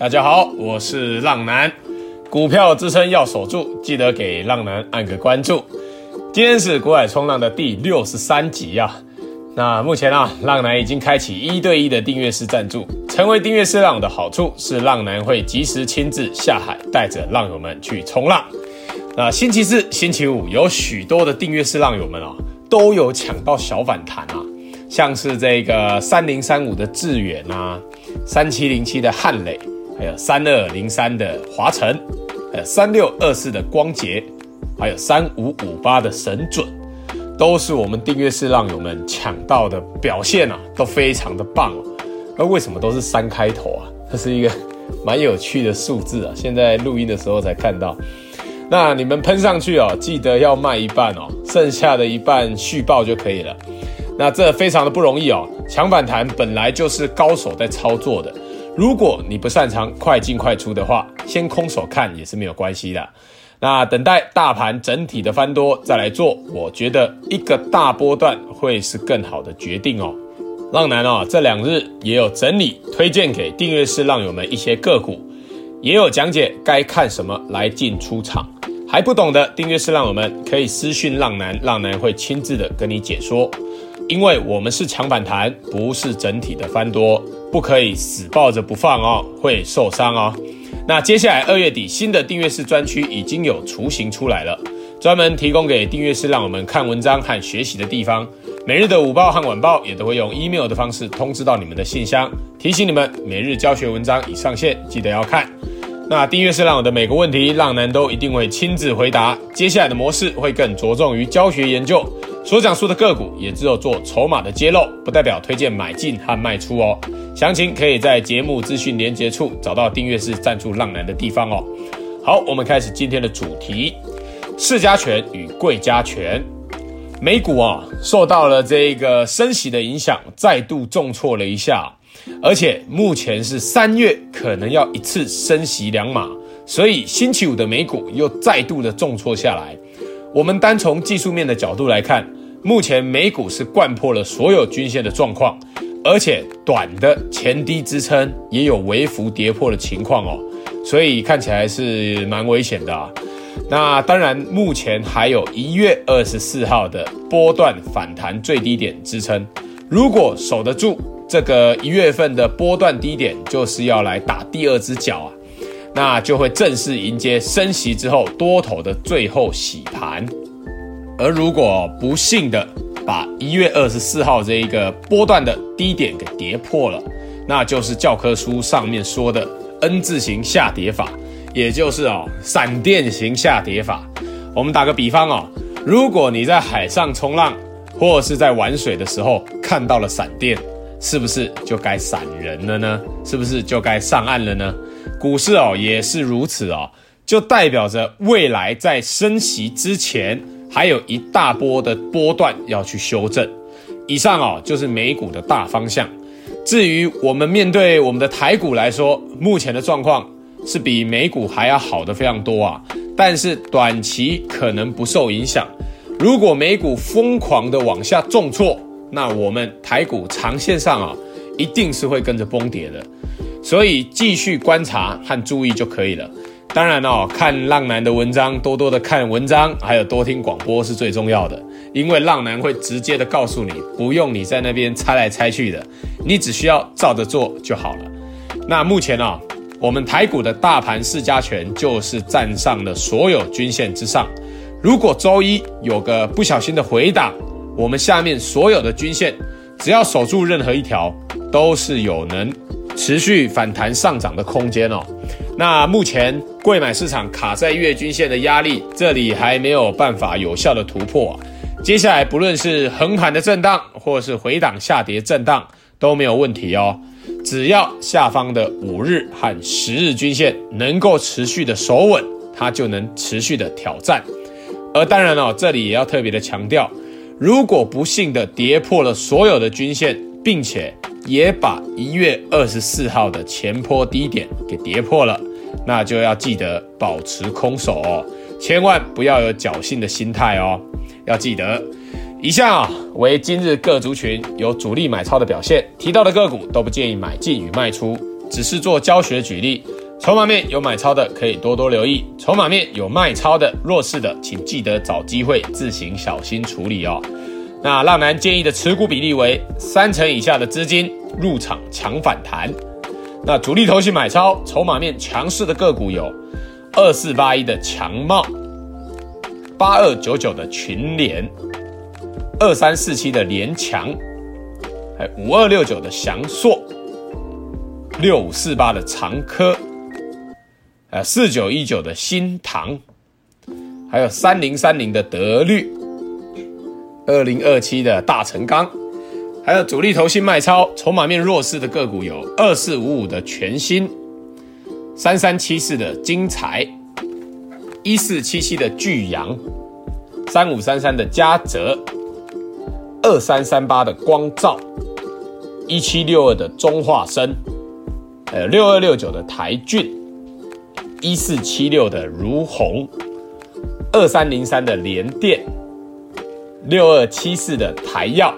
大家好，我是浪男，股票支撐要守住，記得給浪男按個關注。今天是股海衝浪的第六十三集啊。那目前啊，浪男已經開啟一對一的訂閱式贊助。成為訂閱式浪友的好處是，浪男會及時親自下海，帶着浪友們去衝浪。那星期四、星期五有許多的訂閱式浪友們啊，都有搶到小反彈啊，像是這個三零三五的智原啊，三七零七的漢磊。還有三二零三的樺晟，還有三六二四的光頡，還有三五五八的神準，都是我們訂閱式浪友們搶到的表現啊，都非常的棒哦、啊。那為什麼都是三開頭啊？這是一個蠻有趣的數字啊。現在錄音的時候才看到。那你們噴上去哦，記得要賣一半哦，剩下的一半續抱就可以了。那這非常的不容易哦，搶反彈本來就是高手在操作的。如果你不擅長快進快出的話，先空手看也是沒有關係的。那等待大盤整體的翻多再來做，我覺得一個大波段會是更好的決定哦。浪男哦，這兩日也有整理推薦給訂閱式浪友們一些個股，也有講解該看什麼來進出場。還不懂的訂閱式浪友們可以私訊浪男，浪男會親自的跟你解說。因為我們是搶反彈，不是整體的翻多，不可以死抱着不放哦，會受傷哦。那接下來二月底新的訂閱式專區已經有雛形出來了，專門提供給訂閱式浪友們看文章和學習的地方。每日的午報和晚報也都會用 email 的方式通知到你們的信箱，提醒你們每日教學文章已上線，記得要看。那訂閱式浪友的每個問題，浪男都一定會親自回答。接下來的模式會更着重於教學研究。所講述的個股也只有做籌碼的揭露，不代表推薦買進和賣出哦。詳情可以在節目資訊連結處找到訂閱式贊助浪男的地方哦。好，我們開始今天的主題：市加權與櫃加權。美股啊，受到了這個升息的影響，再度重挫了一下。而且目前是三月，可能要一次升息兩碼，所以星期五的美股又再度的重挫下來。我們單從技術面的角度來看。目前美股是摜破了所有均線的狀況，而且短的前低支撐也有微幅跌破的情況哦，所以看起來是蠻危險的啊。那當然，目前還有一月二十四號的波段反彈最低點支撐，如果守得住這個一月份的波段低點，就是要來打第二隻腳啊，那就會正式迎接升息之後多頭的最後洗盤。而如果不幸的把一月二十四號這一個波段的低點給跌破了，那就是教科書上面說的 N 字形下跌法，也就是哦閃電型下跌法。我們打個比方哦，如果你在海上衝浪或者是在玩水的時候看到了閃電，是不是就該閃人了呢？是不是就該上岸了呢？股市哦也是如此哦，就代表着未來在升息之前。還有一大波的波段要去修正。以上啊，就是美股的大方向。至於我們面對我們的台股來說，目前的狀況是比美股還要好的非常多啊。但是短期可能不受影響。如果美股瘋狂的往下重挫，那我們台股長線上啊，一定是會跟着崩跌的。所以繼續觀察和注意就可以了。當然哦，看浪男的文章，多多的看文章，還有多聽廣播是最重要的。因為浪男會直接的告訴你，不用你在那邊猜來猜去的，你只需要照着做就好了。那目前呢、哦，我們台股的大盤市加權就是站上了所有均線之上。如果周一有個不小心的回檔，我們下面所有的均線只要守住任何一條，都是有能持續反彈上漲的空間哦。那目前。櫃買市場卡在月均線的壓力，這裡還沒有辦法有效的突破啊。接下來不論是橫盤的震盪，或是回檔下跌震盪都沒有問題哦。只要下方的五日和十日均線能夠持續的守穩，它就能持續的挑戰。而當然了哦，這裡也要特別的強調，如果不幸的跌破了所有的均線，並且也把一月二十四號的前波低點給跌破了。那就要記得保持空手哦，千萬不要有僥倖的心態哦。要記得，以下、哦、為今日各族群有主力買超的表現，提到的個股都不建議買進與賣出，只是做教學舉例。籌碼面有買超的可以多多留意，籌碼面有賣超的弱勢的，請記得找機會自行小心處理哦。那浪男建議的持股比例為三成以下的資金入場搶反彈。那主力投信買超，籌碼面強勢的個股有：二四八一的強茂，八二九九的群聯，二三四七的聯強，哎五二六九的祥碩，六五四八的長科，呃四九一九的新唐，還有三零三零的德律，二零二七的大成鋼。還有主力投信賣超籌碼面弱勢的個股有二四五五的全新，三三七四的精材，一四七七的聚陽，三五三三的嘉澤，二三三八的光罩，一七六二的中化生，還有六二六九的台郡，一四七六的儒鴻，二三零三的聯電，六二七四的台燿。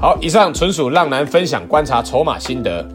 好，以上純屬浪男分享觀察籌碼心得，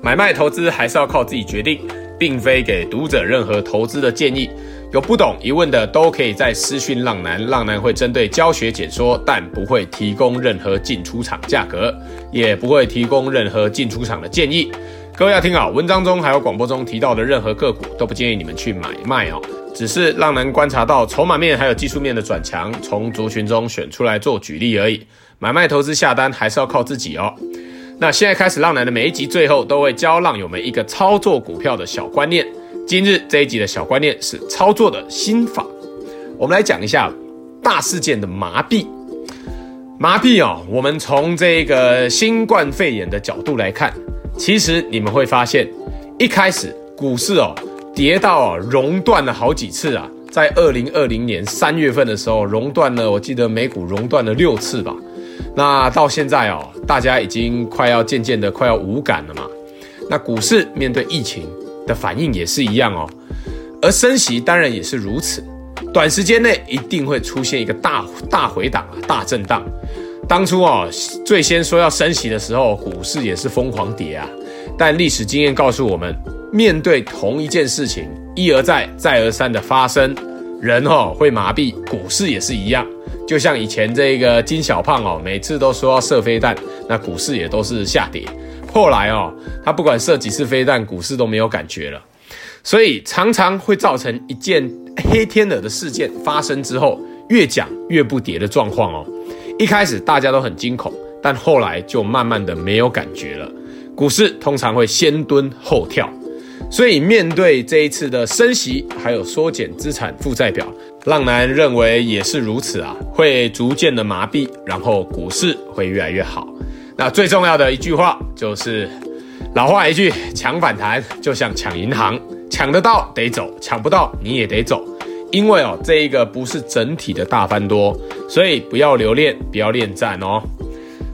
買賣投資還是要靠自己決定，並非給讀者任何投資的建議。有不懂疑問的都可以在私訊浪男，浪男會針對教學解說，但不會提供任何進出場價格，也不會提供任何進出場的建議。各位要聽好，文章中還有廣播中提到的任何個股都不建議你們去買賣哦。只是浪男觀察到籌碼面還有技術面的轉強，從族群中選出來做舉例而已。買賣投資下單還是要靠自己哦。那現在開始，浪男的每一集最後都會教浪友們一個操作股票的小觀念。今日這一集的小觀念是操作的心法。我們來講一下大事件的麻痹，麻痹哦。我們從這個新冠肺炎的角度來看，其實你們會發現，一開始股市哦。跌到熔斷了好幾次啊！在二零二零年三月份的時候，熔斷了。我記得美股熔斷了六次吧。那到現在哦，大家已經快要漸漸的快要無感了嘛。那股市面對疫情的反應也是一樣哦。而升息當然也是如此，短時間內一定會出現一個大大回檔啊、大震盪。當初哦，最先說要升息的時候，股市也是瘋狂跌啊。但歷史經驗告訴我們。面對同一件事情，一而再再而三的發生，人吼、哦、會麻痹，股市也是一樣。就像以前這個金小胖哦，每次都說要射飛彈，那股市也都是下跌。後來哦，他不管射幾次飛彈，股市都沒有感覺了。所以常常會造成一件黑天鵝的事件發生之後，越講越不跌的狀況哦。一開始大家都很驚恐，但後來就慢慢的沒有感覺了。股市通常會先蹲後跳。所以面對這一次的升息，還有縮減資產負債表，浪男認為也是如此啊，會逐漸的麻痹，然後股市會越來越好。那最重要的一句話就是，老話一句，搶反彈就像搶銀行，搶得到得走，搶不到你也得走，因為哦，這一個不是整體的大翻多，所以不要留戀，不要戀戰哦。